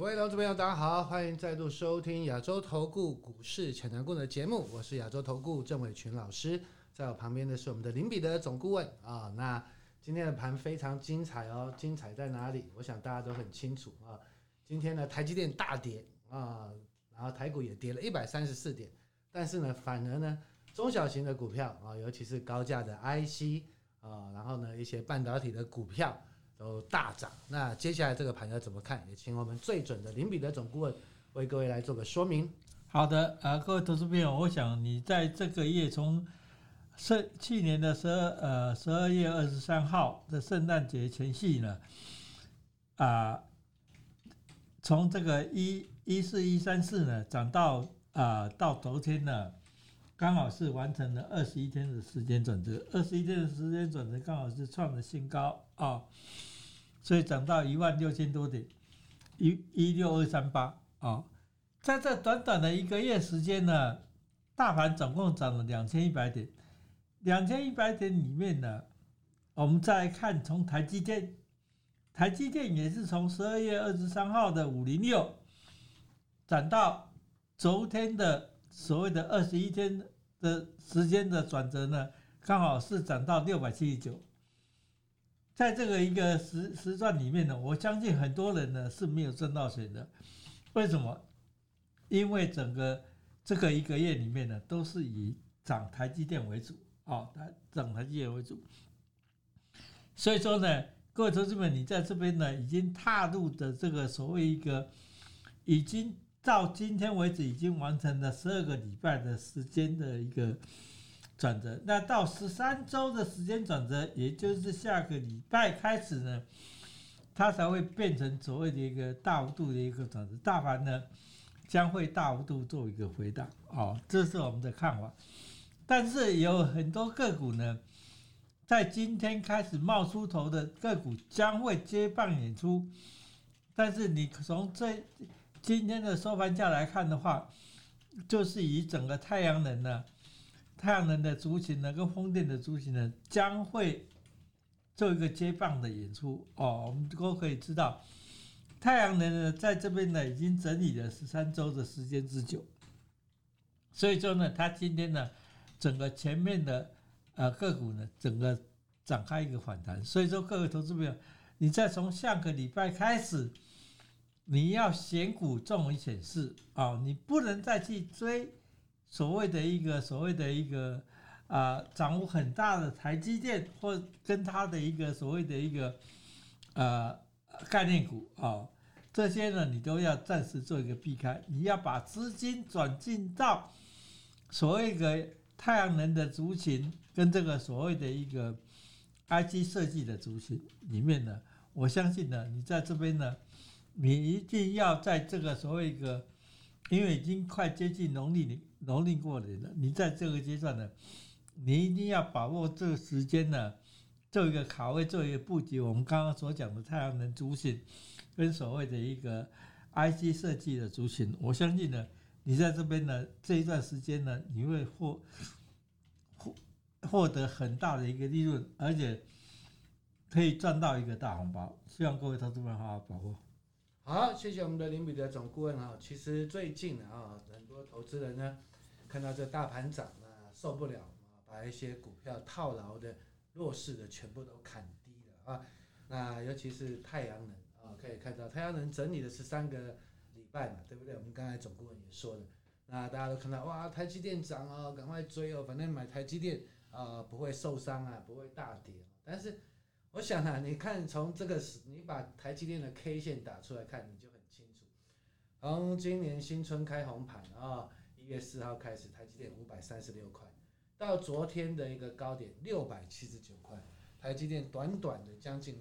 各位投資朋友，大家好，歡迎再度收聽亞洲投顧股市強強滾的節目，我是亞洲投顧鄭偉群老師，在我旁邊的是我們的林彼得總顧問啊、哦。那今天的盤非常精彩哦，精彩在哪裡？我想大家都很清楚啊、哦。今天呢，台積電大跌啊、哦，然後台股也跌了一百三十四點，但是呢，反而呢，中小型的股票啊、哦，尤其是高價的 IC 啊、哦，然後呢，一些半導體的股票。有大漲，那接下來這個盤要怎麼看？也請我們最準的林彼得總顧問為各位來做個說明。好的，啊、呃，各位投資朋友，我想你在這個月從去年的十二呃十二月二十三號的聖誕節前夕呢，啊、呃，從這個一一四一三四呢漲到啊、呃、到昨天呢。剛好是完成了二十一天的時間轉折，二十一天的時間轉折剛好是創了新高啊、哦，所以漲到一萬六千多點，一一六二三八啊，在這短短的一個月時間呢，大盤總共漲了兩千一百點，兩千一百點裡面呢，我們再看從台積電，台積電也是從十二月二十三號的五零六，漲到昨天的所謂的二十一天。的時間的轉折呢，剛好是漲到六百七十九。在這個一個時時段裡面呢，我相信很多人呢是沒有掙到錢的。為什麼？因為整個這個一個月裡面呢，都是以漲台積電為主，哦，漲，漲台積電為主。所以說呢，各位同志們，你在這邊呢已經踏入的這個所謂一個已經。到今天為止，已經完成了十二個禮拜的時間的一個轉折。那到十三周的時間轉折，也就是下個禮拜開始呢，它才會變成所謂的一個大幅度的一個轉折。大盤呢，將會大幅度做一個回盪，哦，這是我們的看法。但是有很多個股呢，在今天開始冒出頭的個股將會接棒演出。但是你從這。今天的收盤價來看的話，就是以整個太陽能呢，太陽能的族群呢，跟風電的族群呢，將會做一個接棒的演出哦。我們都可以知道，太陽能呢，在這邊呢，已經整理了十三周的時間之久，所以說呢，它今天呢，整個前面的呃個股呢，整個展開一個反彈。所以說，各位投資朋友，你再從下個禮拜開始。你要選股重於選市，啊！你不能再去追所謂的一個、所謂的一個啊、呃，掌握很大的台積電或跟它的一個所謂的一個、呃、概念股啊、哦，這些呢，你都要暫時做一個避開。你要把資金轉進到所謂一個太陽能的族群跟這個所謂的一個 IC 設計的族群裡面呢，我相信呢，你在這邊呢。你一定要在這個所謂一個，因為已經快接近農曆的農曆過年了，你在這個階段呢，你一定要把握這個時間呢，做一個卡位，做一個布局。我們剛剛所講的太陽能主線跟所謂的一個 IC 設計的主線，我相信呢，你在這邊呢，這一段時間呢，你會獲獲獲得很大的一個利潤，而且可以賺到一個大紅包。希望各位投資朋友好好把握。好，謝謝我們的林彼得總顧問，其實最近啊，很多投資人呢看到，這大盤漲，啊，受不了，把一些股票套牢的弱勢的全部都砍低了啊。那尤其是太陽能啊，可以看到太陽能整理了十三個禮拜嘛，對不對？我們剛才總顧問也說了。那大家都看到哇，台積電漲哦，趕快追哦，反正買台積電啊不會受傷啊，不會大跌。但是。我想啊，你看從這個是你把台積電的 K 線打出來看，你就很清楚。從今年新春開紅盤啊，一月四號開始，台積電五百三十六塊，到昨天的一個高點六百七十九塊，台積電短短的將近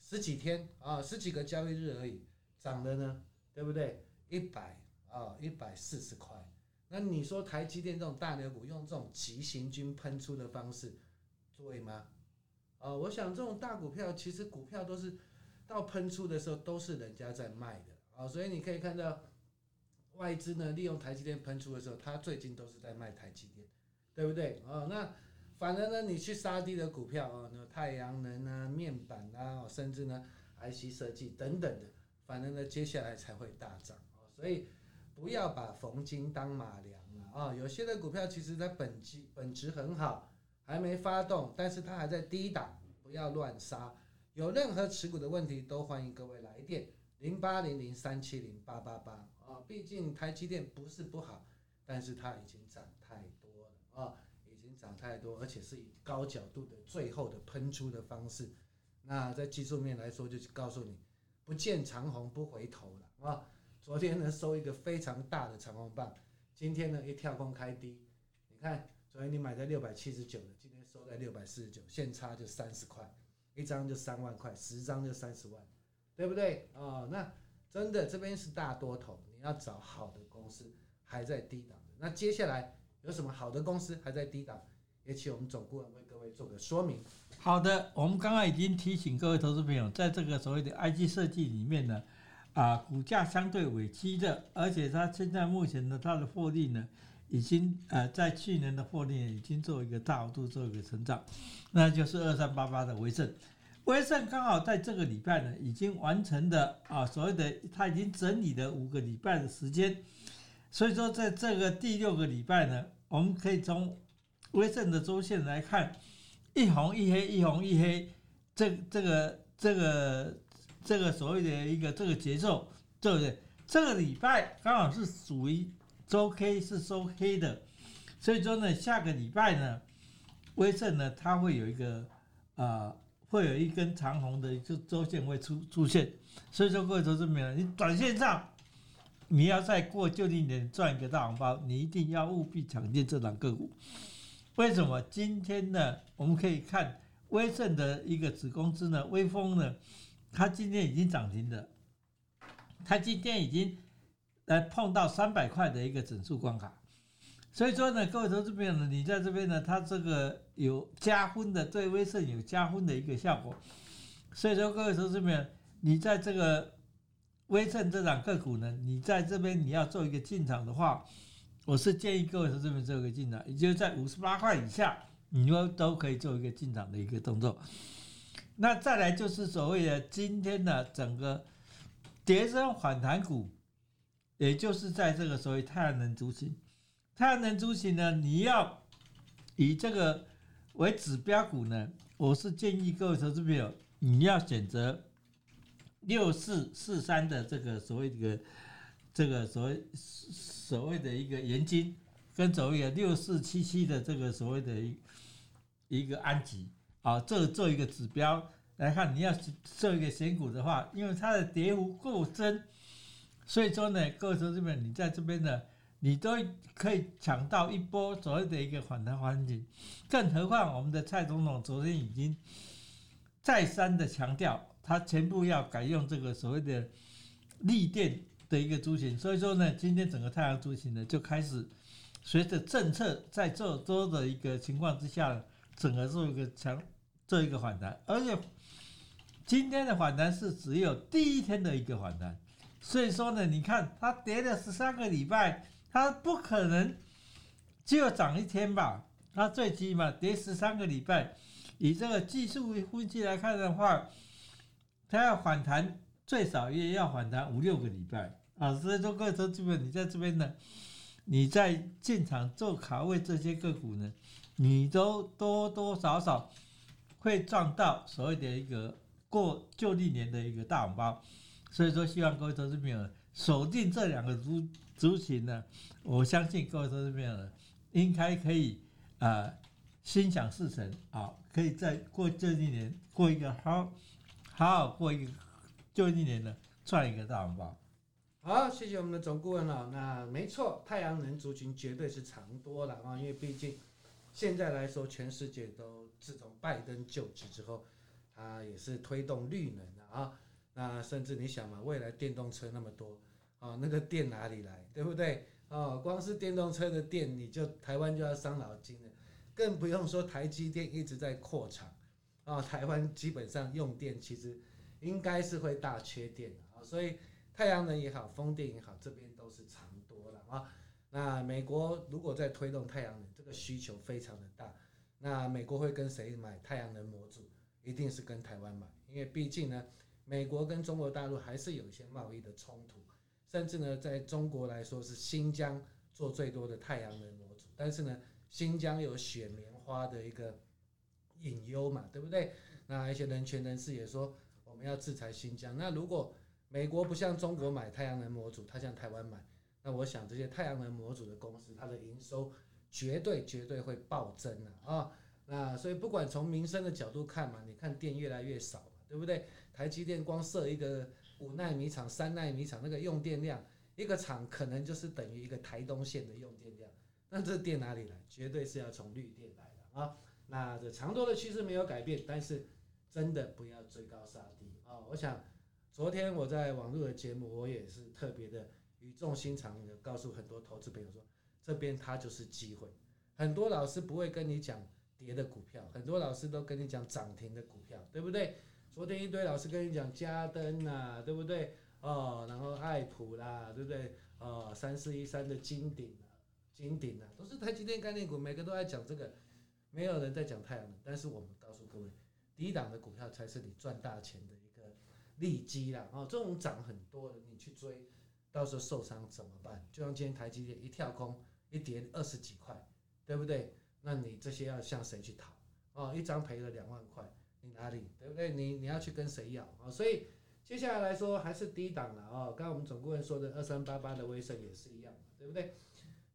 十幾天啊，十幾個交易日而已，漲了呢，對不對？一百啊，一百四十塊。那你說台積電這種大牛股用這種急行軍噴出的方式，對嗎？啊、哦，我想這種大股票，其實股票都是到噴出的時候，都是人家在賣的啊、哦，所以你可以看到外資呢，利用台積電噴出的時候，它最近都是在賣台積電，對不對？啊、哦，那反正呢，你去殺低的股票啊，那、哦、太陽能啊、面板啊，哦、甚至呢 IC 設計等等的，反正呢，接下來才會大漲，所以不要把馮京當馬涼啊、嗯哦，有些的股票其實它本基本質很好。還沒發動，但是它還在低檔，不要亂殺。有任何持股的問題，都歡迎各位來電零八零零三七零八八八啊。8888，畢竟台積電不是不好，但是它已經漲太多了啊，已經漲太多，而且是以高角度的最後的噴出的方式。那在技術面來說，就是告訴你，不見長紅不回頭了啊。昨天呢收一個非常大的長紅棒，今天呢一跳空開低，你看。所以你買在六百七十九的，今天收在六百四十九，現差就三十塊，一張就三萬塊，十張就三十萬，對不對？哦，那真的這邊是大多頭，你要找好的公司還在低檔。那接下來有什麼好的公司還在低檔？也請我們總顧問為各位做個說明。好的，我們剛剛已經提醒各位投資朋友，在這個所謂的 IC 設計裡面呢，啊，股價相對委屈的，而且它現在目前的它的獲利呢。已經呃，在去年的獲利已經做一個大幅度做一個成長，那就是二三八八的威盛，威盛剛好在這個禮拜呢已經完成的啊，所謂的他已經整理了五個禮拜的時間，所以說在這個第六個禮拜呢，我們可以從威盛的週線來看，一紅一黑、一紅一黑，這這個這個、這個、這個所謂的一個這個節奏，對不對？這個禮拜剛好是屬於。周 K 是收黑的，所以說呢，下個禮拜呢，威盛呢，它會有一個，呃，會有一根長紅的，一個周線會出出現。所以說各位同事們，你短線上，你要再過舊曆年賺一個大紅包，你一定要務必搶進這檔個股。為什麼？今天呢，我們可以看威盛的一個子公司呢，威風呢，它今天已經漲停了，它今天已經。來碰到三百塊的一個整數關卡，所以說呢，各位投資者朋友，你在這邊呢，它這個有加分的，對威盛有加分的一個效果。所以說，各位投資者朋友，你在這個威盛這檔個股呢，你在這邊你要做一個進場的話，我是建議各位投資者朋友做一個進場，也就是在五十八塊以下，你都都可以做一個進場的一個動作。那再來就是所謂的今天的整個跌深反彈股，也就是在這個所謂太陽能族群，太陽能族群呢，你要以這個為指標股呢，我是建議各位投資朋友，你要選擇六四四三的這個所謂一個，這個所謂所謂的一個元晶，跟所謂的六四七七的這個所謂的一一個安集，啊，這做一個指標來看，你要做一個選股的話，因為它的跌幅夠深。所以說呢，各位投資們，你在這邊呢，你都可以搶到一波所謂的一個反彈環境，更何況我們的蔡總統昨天已經再三的強調，他全部要改用這個所謂的綠電的一個族群，所以說呢，今天整個太陽族群呢就開始隨着政策在做多的一個情況之下，整個做一個強做一個反彈，而且今天的反彈是只有第一天的一個反彈。所以說呢，你看它跌了十三個禮拜，它不可能就漲一天吧？它最起碼，跌十三個禮拜，以這個技術分析來看的話，它要反彈最少也要反彈五六個禮拜啊！所以說各位，這個都基本你在這邊呢，你在進場做卡位這些個股呢，你都多多少少會賺到所謂的一個過舊曆年的一個大紅包。所以說，希望各位投資朋友鎖定這兩個族族群呢、啊，我相信各位投資朋友應該可以呃心想事成啊，可以在過這一年，過一個好，好好過一個這一年呢，賺一個大紅包。好，謝謝我們的總顧問啊、哦。那沒錯，太陽能族群絕對是長多了啊，因為畢竟現在來說，全世界都自從拜登就職之後，啊、呃、也是推動綠能的啊。那甚至你想嘛，未來電動車那麼多，啊，那個電哪裡來，對不對？啊，光是電動車的電，你就台灣就要傷腦筋了，更不用說台積電一直在擴廠，啊，台灣基本上用電其實應該是會大缺電啊，所以太陽能也好，風電也好，這邊都是長多了啊。那美國如果在推動太陽能，這個需求非常的大，那美國會跟誰買太陽能模組？一定是跟台灣買，因為畢竟呢。美國跟中國大陸還是有一些貿易的衝突，甚至呢，在中國來說，是新疆做最多的太陽能模組，但是呢，新疆有雪棉花的一個隱憂嘛，對不對？那一些人權人士也說我們要制裁新疆。那如果美國不向中國買太陽能模組，他向台灣買，那我想這些太陽能模組的公司，它的營收絕對絕對會暴增啊啊、哦！那所以不管從民生的角度看嘛，你看電越來越少。對不對？台積電光設一個五納米廠、三納米廠，那個用電量，一個廠可能就是等於一個台東線的用電量。那這電哪裡來？絕對是要從綠電來的啊、哦！那這長多的趨勢沒有改變，但是真的不要追高殺低啊、哦！我想昨天我在網路的節目，我也是特別的語重心長地告訴很多投資朋友說，這邊它就是機會。很多老師不會跟你講跌的股票，很多老師都跟你講漲停的股票，對不對？昨天一堆老師跟你講家登吶、啊，對不對？哦，然後愛普啦，對不對？哦，三四一三的金鼎啊，金鼎啊，都是台積電概念股，每個都在講這個，沒有人在講太陽能。但是我們告訴各位，低檔的股票才是你賺大錢的一個利基啦。哦，這種漲很多的，你去追，到時候受傷怎麼辦？就像今天台積電一跳空，一跌二十幾塊，對不對？那你這些要向誰去討？哦，一張賠了兩萬塊。你哪裡對不對？你你要去跟誰要啊、哦？所以接下來來說還是低檔了哦。剛剛我們總顧問說的二三八八的威盛也是一樣對不對？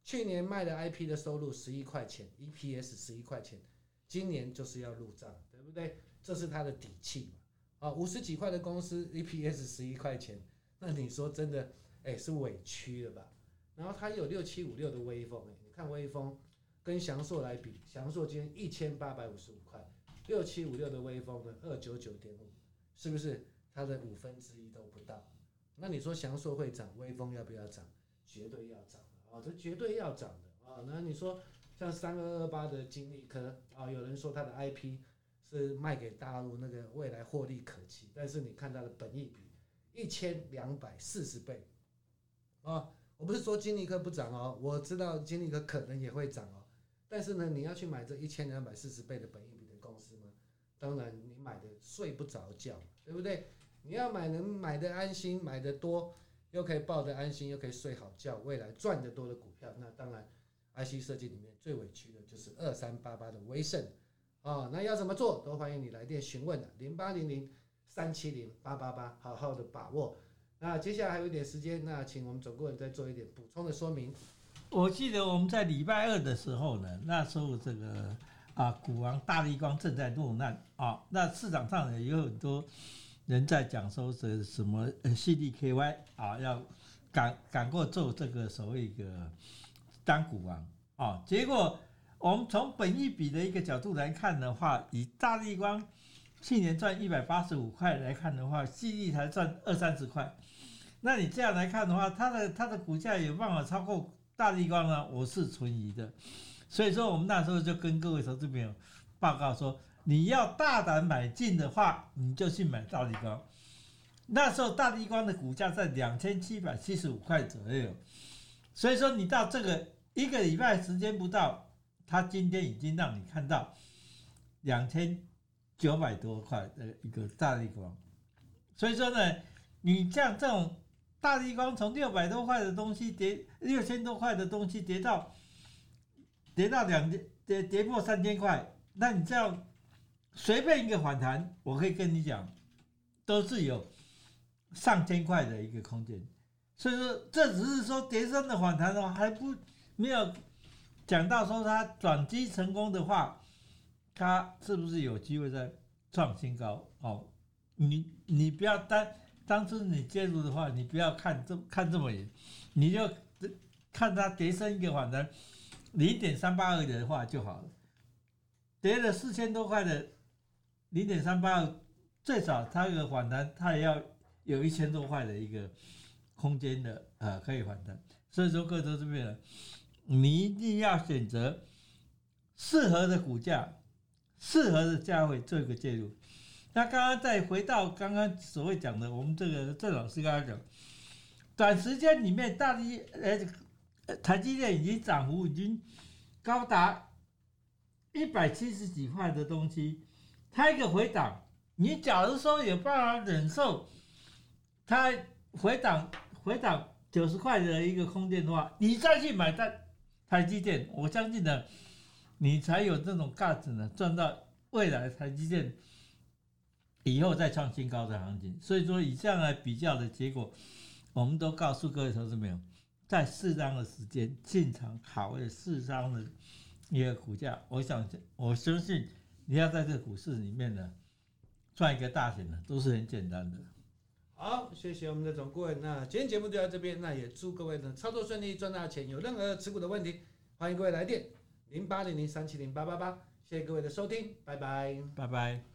去年賣的 IP 的收入十一塊錢，EPS 十一塊錢，今年就是要入賬，對不對？這是他的底氣嘛？啊、哦，五十幾塊的公司 EPS 十一塊錢，那你說真的哎、欸、是委屈了吧？然後他有六七五六的威鋒哎、欸，你看威鋒跟祥碩來比，祥碩今天一千八百五十五塊。六七五六的威鋒呢，二九九點五，是不是它的五分之一都不到？那你說祥碩會漲，威鋒要不要漲？絕對要漲的啊、哦！這絕對要漲的啊、哦！那你說像三二二八的金麗科啊、哦，有人說它的 I P 是賣給大陸那個未來獲利可期，但是你看它的本益比一千兩百四十倍啊、哦！我不是說金麗科不漲哦，我知道金麗科可能也會漲哦，但是呢，你要去買這一千兩百四十倍的本益。當然，你買的睡不着覺，對不對？你要買能買的安心，買的多，又可以抱的安心，又可以睡好覺，未來賺得多的股票，那當然，IC 設計裡面最委屈的就是二三八八的威盛。啊、哦。那要怎麼做，都歡迎你來電詢問零八零零三七零八八八，好好的把握。那接下來還有一點時間，那請我們總顧問再做一點補充的說明。我記得我們在禮拜二的時候呢，那時候這個。啊，股王大立光正在落難啊！那市場上也有很多人在講說，這什麼？呃，矽力 -KY 啊，要趕趕過做這個所謂一個當股王啊。結果，我們從本益比的一個角度來看的話，以大立光去年賺一百八十五塊來看的話，矽力才賺二三十塊。那你這樣來看的話，它的它的股價有辦法超過大立光呢？我是存疑的。所以說，我們那時候就跟各位投資朋友報告說，你要大膽買進的話，你就去買大立光。那時候大立光的股價在兩千七百七十五塊左右。所以說，你到這個一個禮拜時間不到，它今天已經讓你看到兩千九百多塊的一個大立光。所以說呢，你像這種大立光從六百多塊的東西跌六千多塊的東西跌到。跌到兩跌跌跌破三千塊，那你這樣隨便一個反彈，我可以跟你講，都是有上千塊的一個空間。所以說，這只是說跌深的反彈的話，還不沒有講到說它轉機成功的話，它是不是有機會再創新高？哦，你你不要單，當初你介入的話，你不要看這看這麼遠，你就看它跌深一個反彈。零點三八二的話就好了，跌了四千多塊的，零點三八二最少它有反彈，它也要有一千多塊的一個空間的，啊、呃、可以反彈。所以說，各州這邊，你一定要選擇適合的股價、適合的價位做一個介入。那剛剛再回到剛剛所謂講的，我們這個鄭老師剛剛講，短時間裡面大跌，哎。台積電已經漲幅已經高達一百七十幾塊的東西，它一個回檔，你假如說有辦法忍受它回檔回檔九十塊的一個空間的話，你再去買單台積電，我相信呢，你才有這種價值呢，賺到未來的台積電以後再創新高的行情。所以說，以這樣來比較的結果，我們都告訴各位投資者。在適當的時間進場，考慮適當的一個股價，我想我相信你要在這個股市裡面呢賺一個大錢的都是很簡單的。好，謝謝我們的總顧問，那今天節目就到這邊，那也祝各位呢操作順利，賺大錢。有任何持股的問題，歡迎各位來電零八零零三七零八八八。謝謝各位的收聽，拜拜，拜拜。